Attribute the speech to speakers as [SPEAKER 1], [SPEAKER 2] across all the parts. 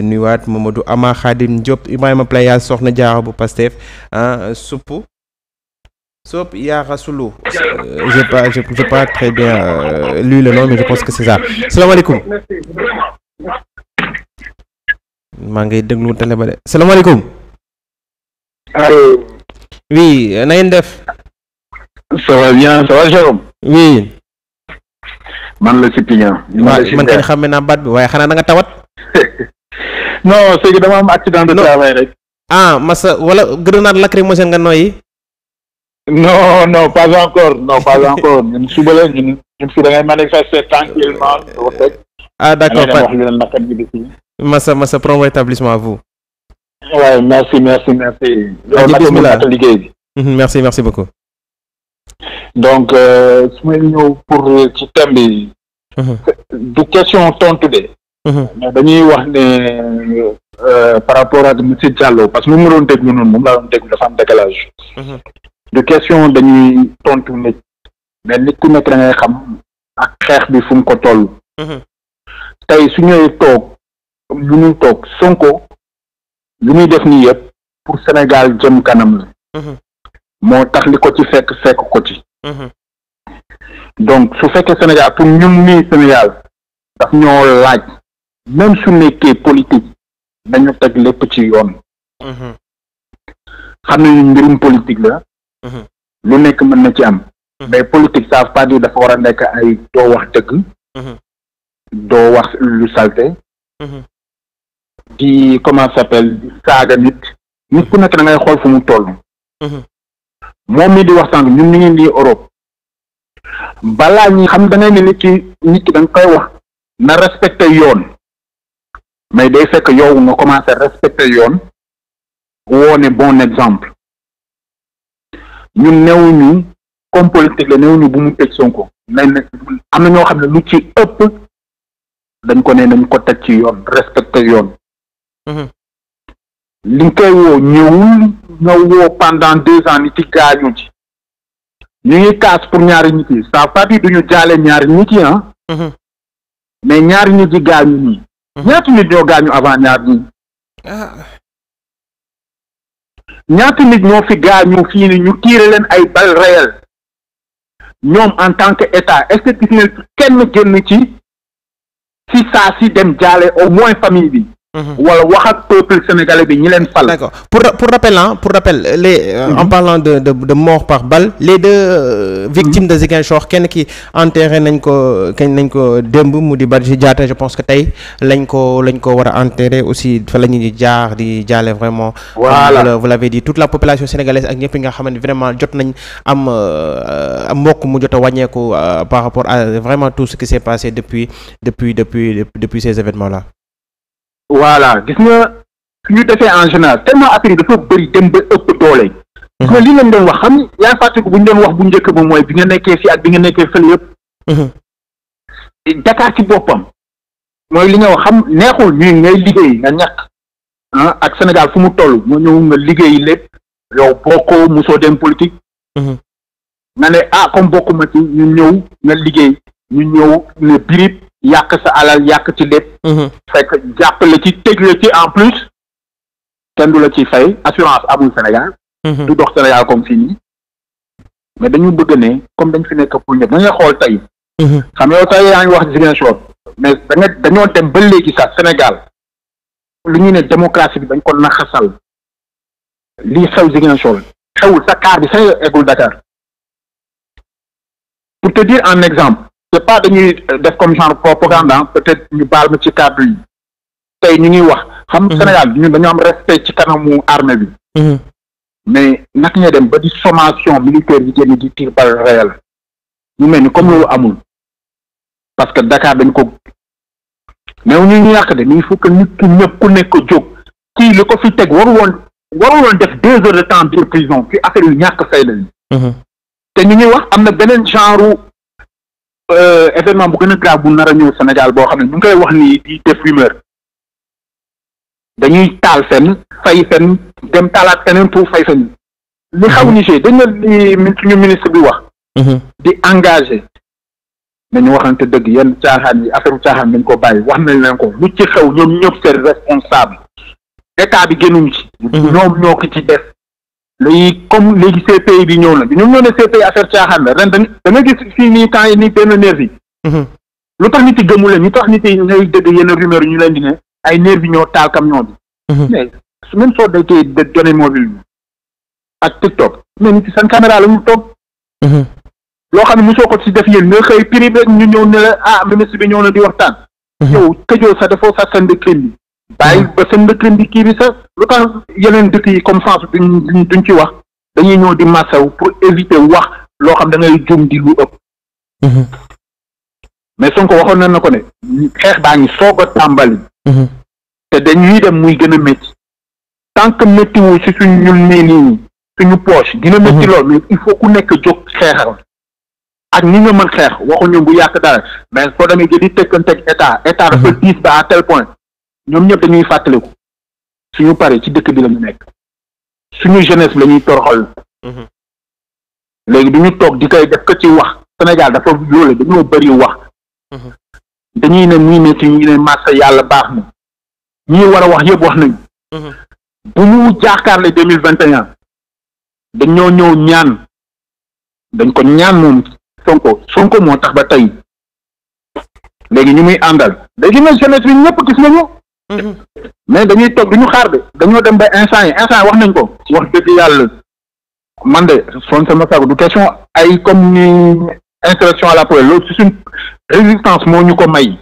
[SPEAKER 1] nuyuwaat Mamadou Ama Khadim Diop Ibrahima Playa soxna jaara bu Pastef ah supp Sop Yarasulu euh, j'ai pas j'ai pas très bien euh, lu le mais je pense que c'est ça salaamaaleykum maa ngay déglu télé ba de salaamaaleykum allo oui euh, na ngeen def ça bien ça va Jérôme oui
[SPEAKER 2] man la si piña man kañ
[SPEAKER 1] xàmme naa baat bi waaye xanaa na nga tawat non c'est que dama de travail rek. ah massa wala grenade lacrymogène nga nooyi.
[SPEAKER 2] non non pas encore non pas encore ñun suba la ñun ñun fii da ngay manifester tranquillement ah d'accord
[SPEAKER 1] massa massa prompt rétablissement à vous.
[SPEAKER 2] waaw merci merci merci. Ah,
[SPEAKER 1] mhm, merci merci beaucoup.
[SPEAKER 2] donc euh, su may ñëw pour ci thème bi. Mhm. question tontu de. Mhm. mais dañuy wax ne euh, par rapport ak monsieur Diallo parce que moom ma doon déglu noonu moom laa doon déglu dafa am décalage. Mhm. du question dañuy tontu nit mais nit ku nekk da xam ak xeex bi fu mu ko toll. Mhm. tey su ñëwee toog lu ñuy toog Sonko lu muy def nii yëpp pour Sénégal jëm kanam la. moo tax li ko ci fekk fekk ko ci. donc su fekkee Sénégal pour ñun nii Sénégal daf ñoo laaj. même su nekkee politique dañu teg lépp ci yoon. Mm-hmm. xam nañu mbirum politique la. Mm-hmm. lu nekk mën na ci am. Mm-hmm. mais politique ça veut pas dafa war a nekk ay doo wax dëgg. doo wax lu salte. di comment ça s'appelle di saaga nit. nit ku nekk da xool fu mu moom mii di wax sànq ñun ñu ngi nii Europe. balaa ñi xam da ngay nit ki nit ki da koy wax. na respecté yoon. mais day fekk yow nga commencé respecter yoon woone bon exemple ñun néew ñu comme politique la néew ñu bu mu teg Sonko nañ am na ñoo xam ne lu ci ëpp dañ ko ne nañ ko teg ci yoon respecter yoon mhm. li nga koy woo ñëwul nga woo pendant deux ans nit yi gaañu ci ñu ngi kaas pour ñaari nit yi sa veut pas dire duñu jaale ñaari nit yi ah mhm. mais ñaari nit yi gaañu nii ñaata mhm. nit ñoo gaañu avant ñaar ñi ñaata ah. nit ñoo fi gaañu fii ni ñu tiire leen ay balles réelles ñoom en tant que état est-ce que gis ngeen kenn ci si saa si dem jaale au moins famille bi Mhm. wala wax ak peuple sénégalais bi ñi leen fal. d'accord pour pour rappel pour rappel les. Euh, mm en mhm. parlant
[SPEAKER 1] de de mort par bal les de euh, victimes mm de Ziguinchor kenn ki enterré nañ ko kenn nañ ko démb mu di Badji Diatta je pense que tey lañ ko lañ ko war a enterré aussi fa la ñuy jaar di jaale vraiment. voilà vous l'avez dit toute la population sénégalaise ak ñëpp nga xam vraiment jot nañ euh, am mbokk mu jot a wàññeeku euh, par rapport à vraiment tout ce qui s'est passé depuis depuis depuis depuis ces
[SPEAKER 2] voilà gis nga ñu defee en général tellement dafa bëri dem ba ëpp doole. Mhm. gis nga li leen doon wax xam yaa fàttaliku bu ñu doon wax bu njëkk ba mooy bi nga nekkee fii ak bi nga nekkee fële yëpp. Mhm. Dakar ci boppam mooy li nga wax xam neexul ñuy ngay liggéey nga ñàkk ah, ak Sénégal fu mu toll nga ñëw nga liggéey lépp yow bokkoo musoo dem politique. Mhm. nga ne ah comme bokkuma ci ñu ñëw nga liggéey ñu ñëw ne birib yàq sa alal yàq ci lépp. Mm-hmm. fekk jàpp la ci tëj la ci en plus ten du la ci fay assurance amul Sénégal. Mm-hmm. du dox Sénégal comme fii nii mais dañu bëgg ne comme dañ fi nekk pour ñëpp xool tey. Mm-hmm. xam yow tey yaa ngi wax Ziguinchor mais da dañoo dem ba léegi sax Sénégal lu ñuy ne démocratie bi dañ ko naxasal lii xew Ziguinchor xewul sa kaar bi sax eggul Dakar pour te dire en exemple. c'est pas dañuy def comme genre propagande peut-être ñu baal ma ci cadre yi tey ñu ngi wax xam nga mhm. Sénégal ñun dañoo am respect ci kanamu armée bi mhm. mais naka ñuy dem ba di sommation militaire yi génn di tir balle réelle ñu mel ni comme loolu amul parce que Dakar dañ ko new ñu ñu yàq de mais il faut que ñëpp ku nekk jóg kii li ko fi teg waru woon waru woon def deux heures de temps de prison fi affaire yu ñàkk fay lañu mhm. te ñu ñuy wax am na beneen genre Euh, événement bu gën a grave bu nar a ñëw Sénégal boo xam ne bu ñu koy wax nii di def rumeur dañuy taal fenn fay fenn dem taalaat feneen pour fay fenn li xaw mhm. Niger dañ na li ministre bi wax mhm. di engagé nañu waxante dëgg yenn caaxaan yi affaire caaxaan dañ ko bàyyi wax nañ leen ko lu ci xew ñoom ñëpp seen responsable état bi génnuñ ci mhm. ñoom ñoo ko ci def léegi comme léegi CPI bi ñëw na bi ñoom ñoo ne CPI affaire caaxaan la ren da nga gis fii nii temps yi nii benn nervi yi. Mhm. lu tax nit yi gëmu leen ñu tax nit yi ngay dégg yenn rumeur ñu leen di ne ay nervi ñoo taal camion bi. Mhm. mais même soo déggee de données mobile bi ak TikTok mais nit seen caméra la ñu toog. Mhm. loo xam ne mosoo ko ci def yéen nga xëy prix beeg ñu ñëw ne la ah ministre bi ñëw na di waxtaan. yow tëjoo sa defoo sa scène de bi. bàyyi ba seen dëkk bi kii bi sax lu tax yeneen dëkk yi comme France duñ duñ ci wax dañuy ñëw di massaw pour éviter wax loo xam da ngay jum di lu ëpp. Mhm. mais Sonko waxoon na na ko ne xeex baa ngi soog a tàmbali. Mhm. te dañuy dem muy gën a métti tant que métti wu si suñ ñun nii nii suñu poche dina métti mhm. lool ku nekk jóg xeexal ak ñi nga mën xeex waxuñu bu yàq dara mais boo demee jëndi tëkkanteeg état état dafa diis ba à ñoom ñëpp dañuy fàttaliku suñu paree ci dëkk bi la ñu nekk suñu jeunesse la ñuy toroxal mhm. léegi du ñu toog di kay def ko ci wax Sénégal dafa loolu dañoo bëri wax mhm. dañuy ne ñii ne ci ñi ne massa yàlla baax na ñii war a wax yëpp wax nañu mhm. bu ñu jaakaarle deux mille vingt et un dañoo ñëw ñaan dañ ko ñaan moom Sonko Sonko moo tax ba tey léegi ñu muy àndal léegi nag jeunesse bi ñëpp gis nañu Mm-hmm. mais dañuy toog duñu xaar de dañoo dem ba instant yi instant wax nañ ko wax dëgg yàlla man de son sama sago du question ay comme ni instruction à la poubelle loolu su suñ résistance moo ñu ko may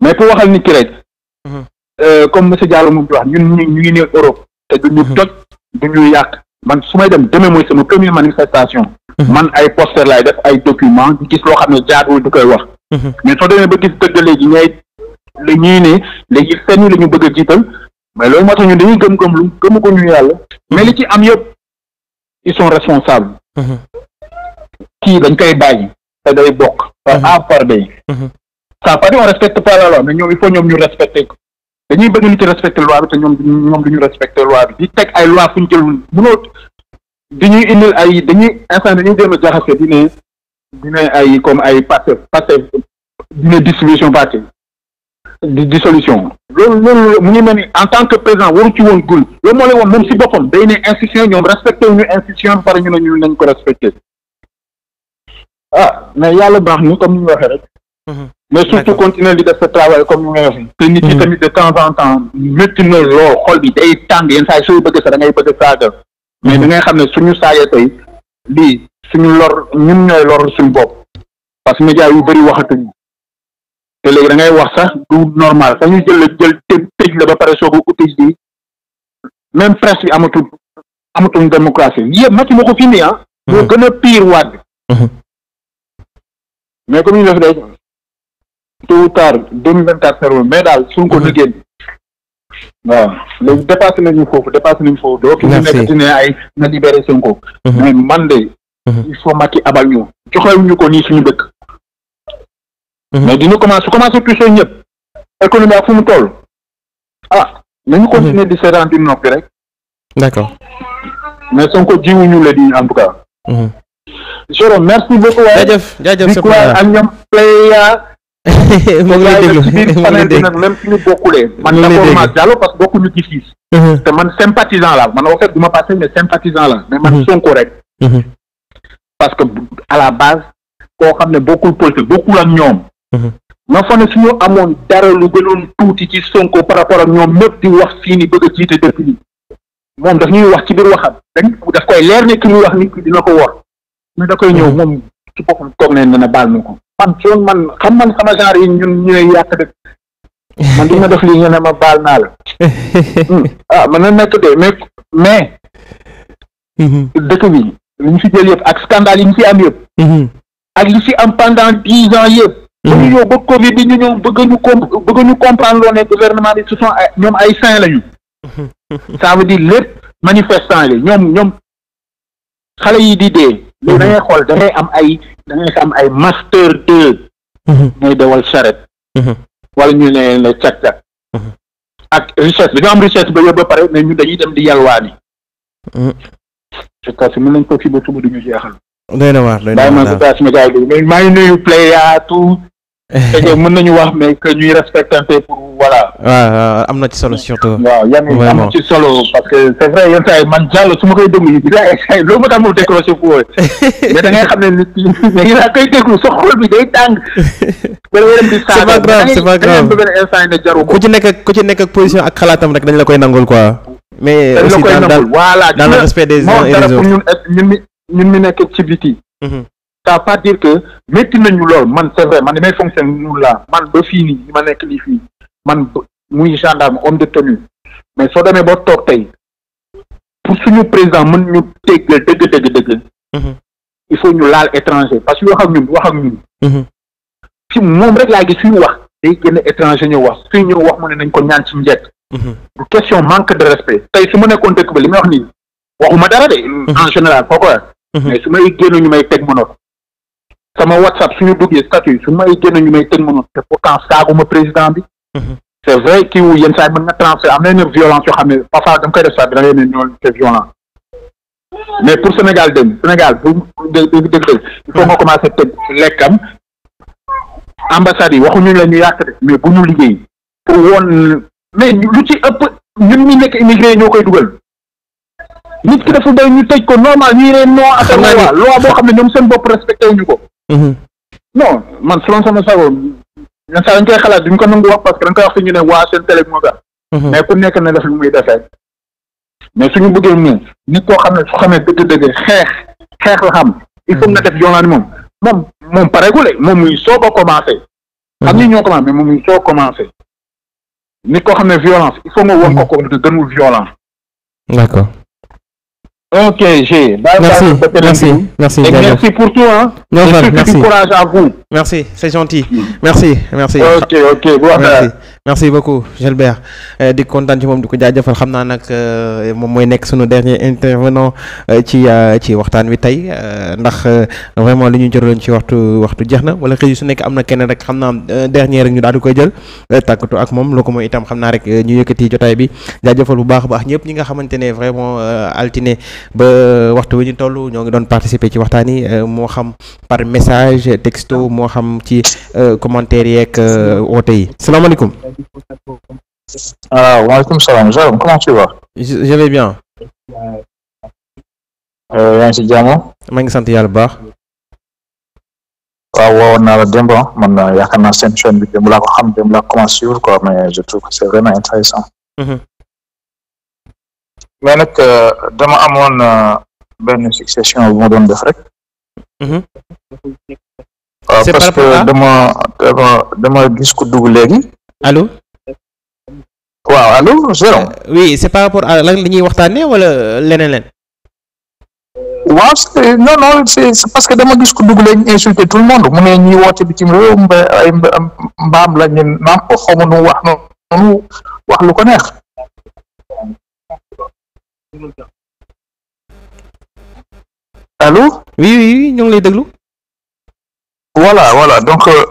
[SPEAKER 2] mais pour waxal ni ki rek
[SPEAKER 3] mm-hmm.
[SPEAKER 2] euh, comme monsieur Diallo moom di wax ñun ñu ngi ne Europe te duñu mm-hmm. toj duñu yàq man su may dem demee mooy sama première manifestation man ay poster lay def ay document di gis loo xam ne jaaduwul du koy wax mais soo demee ba gis dëgg léegi ngay la ñuy ne léegi fenn la ñu bëgg a jiital mais loolu moo tax ñun dañuy gëm-gëm lu gëmu ko ñu yàlla mais li ci am yëpp ils sont responsables mhm. kii dañ koy bàyyi te day bokk par mhm. A par B mhm. ça pas dit on respecte pas la loi mais ñoom il faut ñoom ñu respecter ko dañuy bëgg nit ci respecter loi bi te ñoom ñoom duñu respecter loi bi teg ay loi fu ñu jëlul mënoo di ñuy indil ay dañuy instant dañuy jéem a jaxase di ne di ne ay comme ay passé passé di ne distribution parti di di solution loolu loolu mu ngi mel ni en tant que président waru ci woon gul loolu woon moom si boppam day ne institution ñoom respecté wu ñu institution pare ñu ne ñu nañ ko respecté ah, yàlla baax ñu comme ni ñu waxee rek. Mhm. mais surtout continuer di def sa travail comme ni mhm. de temps en temps métti na lool xol bi day tàng yenn saa sooy bëgg sa da ngay bëgg saaga mais mhm. da ngay xam ne suñu saayee tey lii suñu lor ñu ñooy lor suñu bopp parce que média yu bëri waxatuñu. te léegi da wax sax du normal fa jël la jël tëj la ba pare soo ko uti di même presse bi amatul amatul démocratie yëpp Macky moo ko fi indi ah. mhm. moo gën a piir waat. Mhm. mais def day tôt ou tard deux mille mais daal suñ ko mhm. liggéey. waaw léegi dépassé nañu foofu dépassé nañu foofu. doo ki ñu nekk di ne ay na libéré Sonko. mais man de. il faut Macky abal ñu joxewuñu ko nii suñu dëkk. Mhm. mais dina commencé su commencé touché ñëpp économie ak fu mu toll ah nañu mhm. continuer di seetaan di noppi rek d'accord mais Sonko jiwuñu le di en tout cas mhm. Jérôme merci beaucoup waaye jaajëf jaajëf ak ñoom playa moo ngi lay déglu moo ngi lay déglu nag man d'accord ma Diallo parce que bokkuñu gis-gis man sympathisant la man waxee duma passé mais sympathisant la mais man Sonko rek parce que à la base koo xam ne bokkul politique bokkul ak ñoom ma mhm. fa ne su ñu amoon dara lu gënoon tuuti ci Sonko par rapport ak ñoom ñëpp di wax fii ni bëgg a jiite dëkk bi moom daf ñuy wax ci biir waxam dañ daf koy leer ne ki ñuy wax nit ko wor mais koy ñëw mhm. moom ci boppam toog nañ dana baal ñu ko man man xam man sama genre yi ñun ñooy yàq dëkk man ma def lii ngeen ne ma baal naa la ah na nekk de mais mais mhm. dëkk bi li ñu fi jël yëpp ak scandale yi ñu fi am yëpp ak li fi am pendant dix ans yëpp dañu yow hmm. ba Covid bi ñu ñëw bëgg ñu comp bëgg ne gouvernement bi ce sont ay ñoom ay saint la ñu
[SPEAKER 3] hmm.
[SPEAKER 2] ça veut dire lépp manifestant yi ñoom ñoom xale yi di dee léegi hmm. da xool da am ay da ngay am ay master deux mooy dawal charrette wala ñu ne ne cag ak richesse dañoo am richesse ba yóbbu ba pare mais ñu dañuy dem di yalwaani je mën nañ ko fii ba suba duñu jeexal nuyu Playa tout et mën nañu wax mais que ñuy respectante pour voilà.
[SPEAKER 1] waaw am na ci solo surtout.
[SPEAKER 2] waa yan am na ci solo parce que c'est vrai man jàll su ma koy déglu yi ay loolu moo tax ma décroché fu wóoree mais da ngay xam ne nit ki da ngay koy xol bi day tàng. c'est pas grave c'est pas grave
[SPEAKER 1] ku ci nekk ku ci nekk ak position ak xalaatam rek dañ la koy nangul quoi. mais
[SPEAKER 2] aussi dans dans le respect des uns et des autres ñun mi ñun mi nekk ci biti. Mm-hmm. ça veut pas dire que métti nañu lool man c'est vrai man li may fonctionner noonu laa man ba fii nii ma nekk nii fii man muy gendarme homme de tenue mais soo demee ba toog tey pour suñu président mën ñu déggal dëgg dëgg dëgg mhm. il faut ñu laal étranger parce que wax ak ñun wax ak
[SPEAKER 3] ñun
[SPEAKER 2] ci mhm. moom rek laa gis suñu wax day gën a wax suñu ñëw wax mu ne nañ ko ñaan ci njëkk du mhm. question manque de respect tey su ma nekkoon dëkk ba li may wax nii waxuma dara de en général foo ko mais su may génn ñu may teg ma noot sama whatsapp suñu duggee statut su may génn ñu may tënk ma noonu te pourtant saaguma président bi mhm. c'est vrai kii wu yenn saa yi mën nga transfert am na yenn violence yoo xam ne parfois dama koy def saa bi da ngay ne ñoo c'est violent mais pour Sénégal dem Sénégal bu dëgg dëgg dëgg il faut mhm. nga commencé tëgg lekkam ambassades yi waxuñu la ñu yàq de mais bu ñu liggéey pour woon mais lu ci ëpp ñun ñi nekk immigré ñoo koy dugal nit ki dafa doy ñu tëj ko normal ñuy reen non affaire loi boo xam ne ñoom seen bopp respecté wuñu ko Mhm. non man selon sama sago yenn saa dañ koy xalaat duñ ko nangu wax parce que dañ wax si ñu ne waa seen télé moo tax. Mhm. mais ku nekk na def lu muy defee mais suñu bëggee ñun nit koo xam ne su xamee dëgg-dëgg xeex xeex la xam il faut na def yoonaan moom moom moom pareegule moom muy soog a commencé. Mhm. xam ni ñoo commencé mais moom commencé nit koo xam ne violence il faut nga won ko ko gënul violence. d'accord. Ok, j'ai. Merci, merci, merci. Et merci
[SPEAKER 1] merci. courage
[SPEAKER 2] à Merci, c'est
[SPEAKER 1] gentil. Merci, merci. Ok, ok, merci. merci beaucoup Gilbert euh, di kontaan ci moom di ko jaajëfal xam naa nag euh, moom mooy nekk sunu dernier intervenant euh, ci ci waxtaan wi tey ndax vraiment li ñu jëraloon ci waxtu waxtu jeex na wala xëy su nekk am na keneen rek xam naa dernier rek ñu daal di koy jël tàggatu ak moom loo ko mooy itam xam naa rek ñu yëkkati jotaay bi jaajëfal bu baax a baax ñëpp ñi nga xamante ne vraiment altine ba waxtu wu ñu tollu ñoo ngi doon participer ci waxtaan yi euh, moo xam par message texto moo xam ci euh, commentaire yeeg woote euh, yi salaamaaleykum.
[SPEAKER 2] ah waaleykum salaam Jérôme comment tu vas.
[SPEAKER 1] je ngi
[SPEAKER 2] maa ngi sant yàlla bu baax. waaw woowoon naa la démb ah. man yaakaar naa seen chaîne bi démb laa ko xam démb laa ko commencé suivre quoi mais je trouve que c'est vraiment intéressant. Mm-hmm. mais nag euh, dama amoon euh, benn fixation bu ma doon def rek. Mhm. Euh, c'est parce que dama dama dama gis ko dugg léegi. allo. waaw
[SPEAKER 1] allo Jérôme. oui c'est par rapport à lan la ñuy waxtaanee wala leneen leen.
[SPEAKER 2] waaw c'est non non c'est parce que dama gis ko dugg léegi insulter tout le monde mu ne ñuy woote bitim réew mba ay mbaam la ñu naam nu wax noonu wax lu ko neex. allo. oui oui ñu ngi lay déglu. voilà voilà donc euh,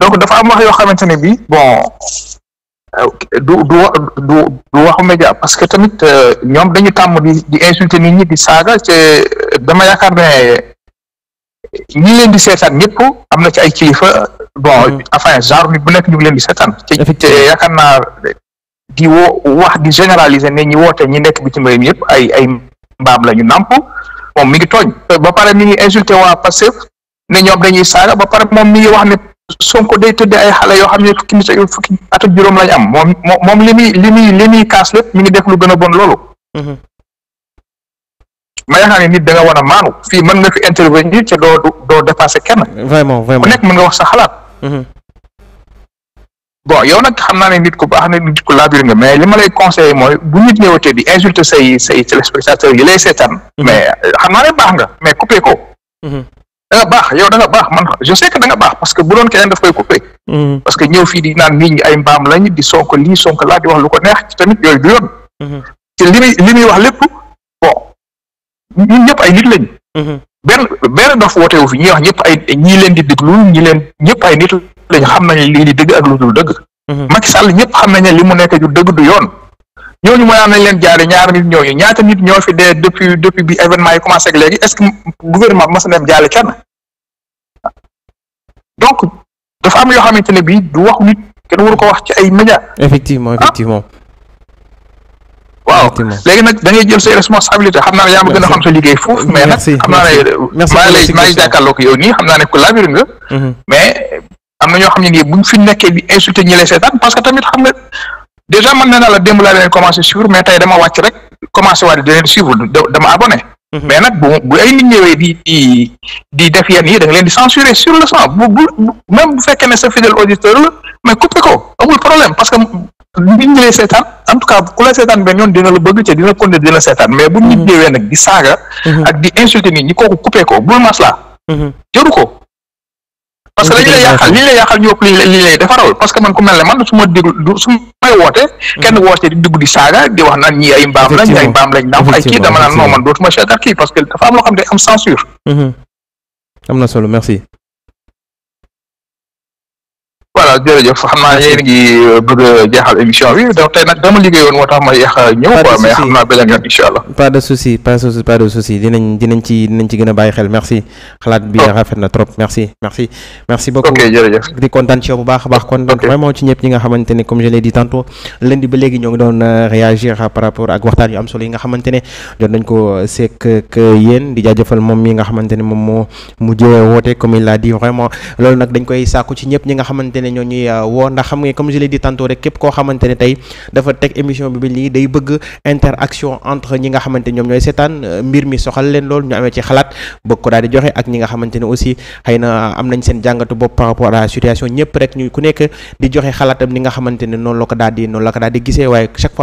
[SPEAKER 2] donc dafa am wax yoo xamante ne bi bon euh, du du wax du waxu média parce que tamit euh, ñoom dañu tàmm di di insulter nit ñi di saaga te dama yaakaar ne. ñi leen di seetaan ñëpp am na ci ay kilifa bon mm-hmm. enfin genre nit bu nekk ñu ngi leen di seetaan te yaakaar naa di woo wax gi généraliser ne ñi woote ñi nekk bitim réew mi yëpp ay ay mbaam la ñu nàmp moom mi ngi tooñ ba pare mi ngi insulté waa Pastef ne ñoom dañuy saaga ba pare moom mi ngi wax ne Sonko day tëddee ay xale yoo xam ne fukki nit ak fukki at ak juróom lañ am moom moom li muy muy li muy kaas lépp mi ngi def lu gën a bon loolu. Mm-hmm. ma yaakaar ne nit da nga war a maanu fii mën nga fi intervenir ca doo doo dépasser kenn. vraiment nekk mën nga wax sa xalaat. Mm-hmm. bon yow na xam naa ne nit ku baax na nit ku laabir nga mais li ma lay mooy bu nit ñëwatee di insulter say say yi lay seetaan. Mhm. mais euh, xam ne baax nga mais coupé ko. Mhm. da nga baax yow da nga baax man je sais que da baax parce que bu doon keneen daf koy coupé. Mhm. parce que ñëw fii di naan nit ñi ay mbaam lañ di sonk lii sonk laa di wax lu ko neex tamit yooyu du
[SPEAKER 3] yoon.
[SPEAKER 2] te li muy wax lépp bon ñun ñëpp ay nit lañ. benn benn dof woote wu fi ñuy wax ñëpp ay ñii leen di déglu ñi leen ñëpp ay nit lañ xam nañ lii di dëgg ak lu dul dëgg. Mhm. Macky Sall ñëpp xam nañ ne li mu nekk du dëgg du yoon ñooñu mooy am nañ leen jaaree ñaar nit ñooñu ñaata nit ñoo fi dee depuis depuis bi événement yi commencé ak léegi est-ce que gouvernement bi mas na dem am yoo xamante ne bii du wax nit kenn waru ko wax ci ay média. effectivement ah. effectivement. waaw léegi nag da ngay jël say responsabilité xam naa ne yaa ma gën a xam sa liggéey foofu mais nag xam naa ne maa ngi lay maa ngi jàkkaarloo ko yow nii ne ku nga mhm. mais am na ñoo xam ne nii buñ fi nekkee di insulté ñi lay seetaan parce que tamit xam nga déjà man nee naa la démb laa leen commencé suivre mais tey dama wàcc rek commencé waat di leen mhm. mais nag bu di di def yenn yi da nga leen di censurer sur le sang bu bu même bu fekkee ne sa fidèle auditeur la mais coupé ko amul problème parce que nit ñi lay seetaan en tout cas ku lay seetaan benn yoon dina la bëgg te dina continuer dina seetaan mais bu nit mhm. ñëwee nag di saaga. Mhm. ak di insulter nit ñi kooku coupé ko ko. parce que li ñu lay yàqal li ñu lay yàqal ñu ëpp li lay parce que man ku mel ne man su ma déglu may woote kenn woote di dugg di saaga di wax naan ñi ay mbaam lañ ñi ay mbaam lañ naam ay kii dama naan non man dootuma seetaan kii parce que dafa am loo xam ne am censure
[SPEAKER 1] mhm. am na solo merci
[SPEAKER 2] voilà jërëjëf xam naa yéen ngi euh, bëgg a jeexal émission bi donc tey nag dama liggéeyoon moo tax ma yéex ñëw quoi mais xam naa beneen yoon incha allah.
[SPEAKER 1] pas de souci pas de souci dinañ dinañ ci dinañ bàyyi xel merci xalaat bi oh. rafet na trop merci merci. merci beaucoup ok jërëjëf di kontaan ci yow bu baax a baax kontaan vraiment ci ñëpp ñi nga xamante ne comme je l'ai dit tantôt lundi ba léegi ñoo ngi doon euh, réagir par rapport ak waxtaan yu am solo yi nga xamante jot nañ ko euh, sekk ak mi nga xamante ne moom moo mujjee woote comme l'a dit vraiment loolu nag dañ koy ne ñoo ñuy euh, woo ndax xam nga comme je l'ai dit tantôt rek képp koo xamante ne tey dafa teg émission bi bi lii day bëgg interaction entre ñi nga xamante ñoom ñooy seetaan euh, mbir mi soxal leen lool ñu amee ci xalaat bëgg ko daal di joxe ak ñi nga xamante ne aussi xëy na euh, am nañ seen jàngatu bopp par rapport à situation ñëpp rek ñu ku nekk di joxe xalaatam ni nga xamante ne noonu la ko daal di noonu la ko daal di gisee waaye chaque fois